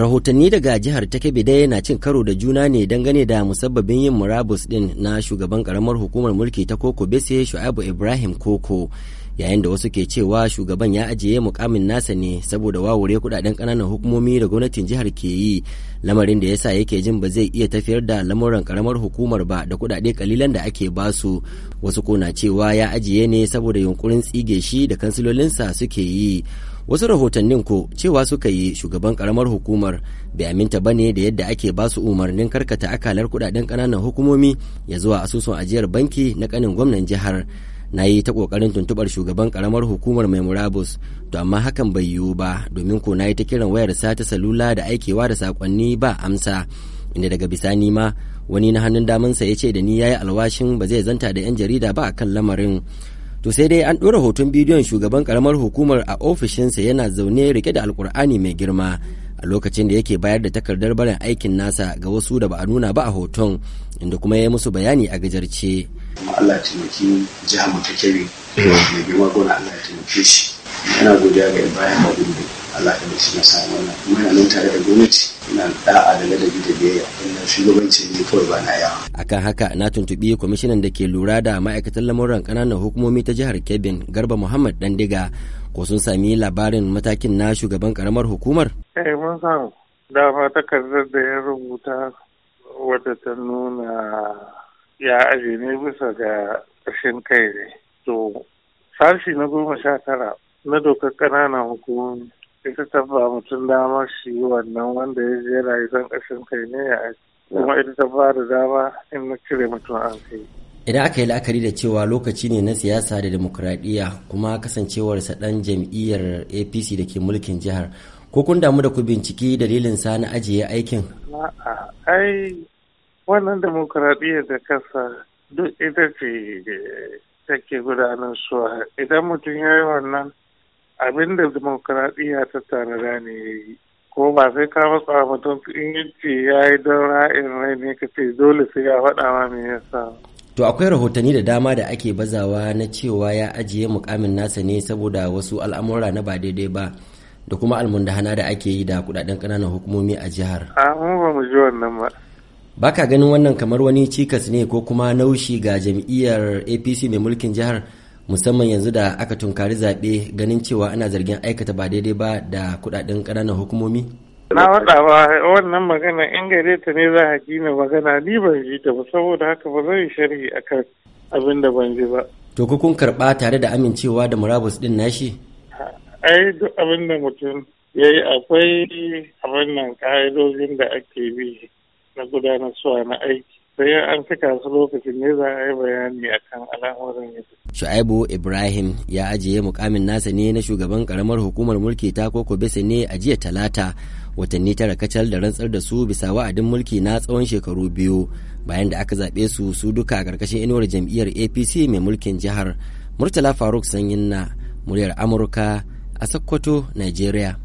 rahotanni daga jihar ta kebe dai na cin karo da juna ne dangane da musabbabin yin murabus din na shugaban karamar hukumar mulki ta koko bese shu'abu ibrahim koko yayin da wasu ke cewa shugaban ya ajiye mukamin nasa ne saboda wawure kudaden kananan hukumomi da gwamnatin jihar ke yi lamarin da yasa yake jin ba zai iya tafiyar da lamuran karamar hukumar ba da kudade kalilan da ake basu wasu ko cewa ya ajiye ne saboda yunkurin tsige shi da kansilolinsa suke yi wasu rahotannin ko cewa suka yi shugaban karamar hukumar bai aminta ba ne da yadda ake basu su umarnin karkata akalar kudaden kananan hukumomi ya zuwa asusun ajiyar banki na kanin gwamnan jihar na yi ta kokarin tuntubar shugaban karamar hukumar mai murabus to amma hakan bai yiwu ba domin ko na yi ta kiran wayar sa ta salula da aikewa da sakonni ba amsa inda daga bisani ma wani na hannun damansa ya ce da ni ya yi alwashin ba zai zanta da 'yan jarida ba akan lamarin to sai dai an ɗora hoton bidiyon shugaban karamar hukumar a ofishinsa yana zaune rike da alkur'ani mai girma a lokacin da yake bayar da takardar barin aikin nasa ga wasu da ba a nuna ba a hoton inda kuma ya yi musu bayani a gajarce. kuma Allah taimaki jiha mata ta kebe hmm. mai girma gona Allah taimake shi yana godiya ga Ibrahim Abdul Allah ta shi na sa wannan kuma yana nan tare da gwamnati ina da'a da ladabi da biyayya ina shugabanci ne kawai ba na yawa akan haka na tuntubi kwamishinan da ke lura da ma'aikatan lamuran kananan hukumomi ta jihar Kebbi Garba Muhammad Dandiga ko sun sami labarin matakin na shugaban karamar hukumar eh mun san dama takardar da ya rubuta wadda ta nuna ya aje ne bisa ga ƙashin kai ne to sashi na goma sha tara na dokar ƙananan hukumomi ita ta mutum dama shi wannan wanda ya je rayuwar ƙashin kai ne ya aji kuma ita ta ba da dama in na cire mutum an kai idan aka yi la'akari da cewa lokaci ne na siyasa da demokuraɗiyya kuma kasancewarsa ɗan jam'iyyar apc da ke mulkin jihar ko kun damu da ku binciki dalilin sa na ajiye aikin ai wannan demokuraɗiyyar da kasa duk ita ce take gudanar suwa idan mutum ya yi wannan abin da demokuraɗiyya ta da ne ya yi ko ba sai ka matsa mutum in yi ce ya yi don ra'in rai ne ka ce dole sai ya faɗa ma me yasa To akwai rahotanni da dama da ake bazawa na cewa ya ajiye mukamin nasa ne saboda wasu al'amura na ba daidai ba da kuma almundahana da ake yi da kudaden kananan hukumomi a jihar. A mu ba mu ji wannan ba. baka ganin wannan kamar wani cikas ne ko kuma naushi ga jam'iyyar apc mai mulkin jihar musamman yanzu da aka tunkari zaɓe ganin cewa ana zargin aikata ba daidai ba da kuɗaɗen ƙananan hukumomi na ba wannan magana in gare ta ne za a gina magana ni ban ji ta ba saboda haka ba zan sharhi akan abin da ban ji ba to ku kun karɓa tare da amincewa da murabus ɗin nashi ai duk abin da mutum ya yi akwai abin nan ƙa'idojin da ake bi na gudanar suwa na aiki sai an cika su lokacin ne za a yi bayani akan al'amuran yadda. Shu'aibu Ibrahim ya ajiye mukamin nasa ne na shugaban karamar hukumar mulki ta Koko Bese ne a jiya Talata watanni tara kacal da rantsar da su bisa wa'adin mulki na tsawon shekaru biyu bayan da aka zaɓe su su duka a ƙarƙashin inuwar jam'iyyar APC mai mulkin jihar. Murtala Faruk Sanyin na muryar Amurka a Sokoto, Nigeria.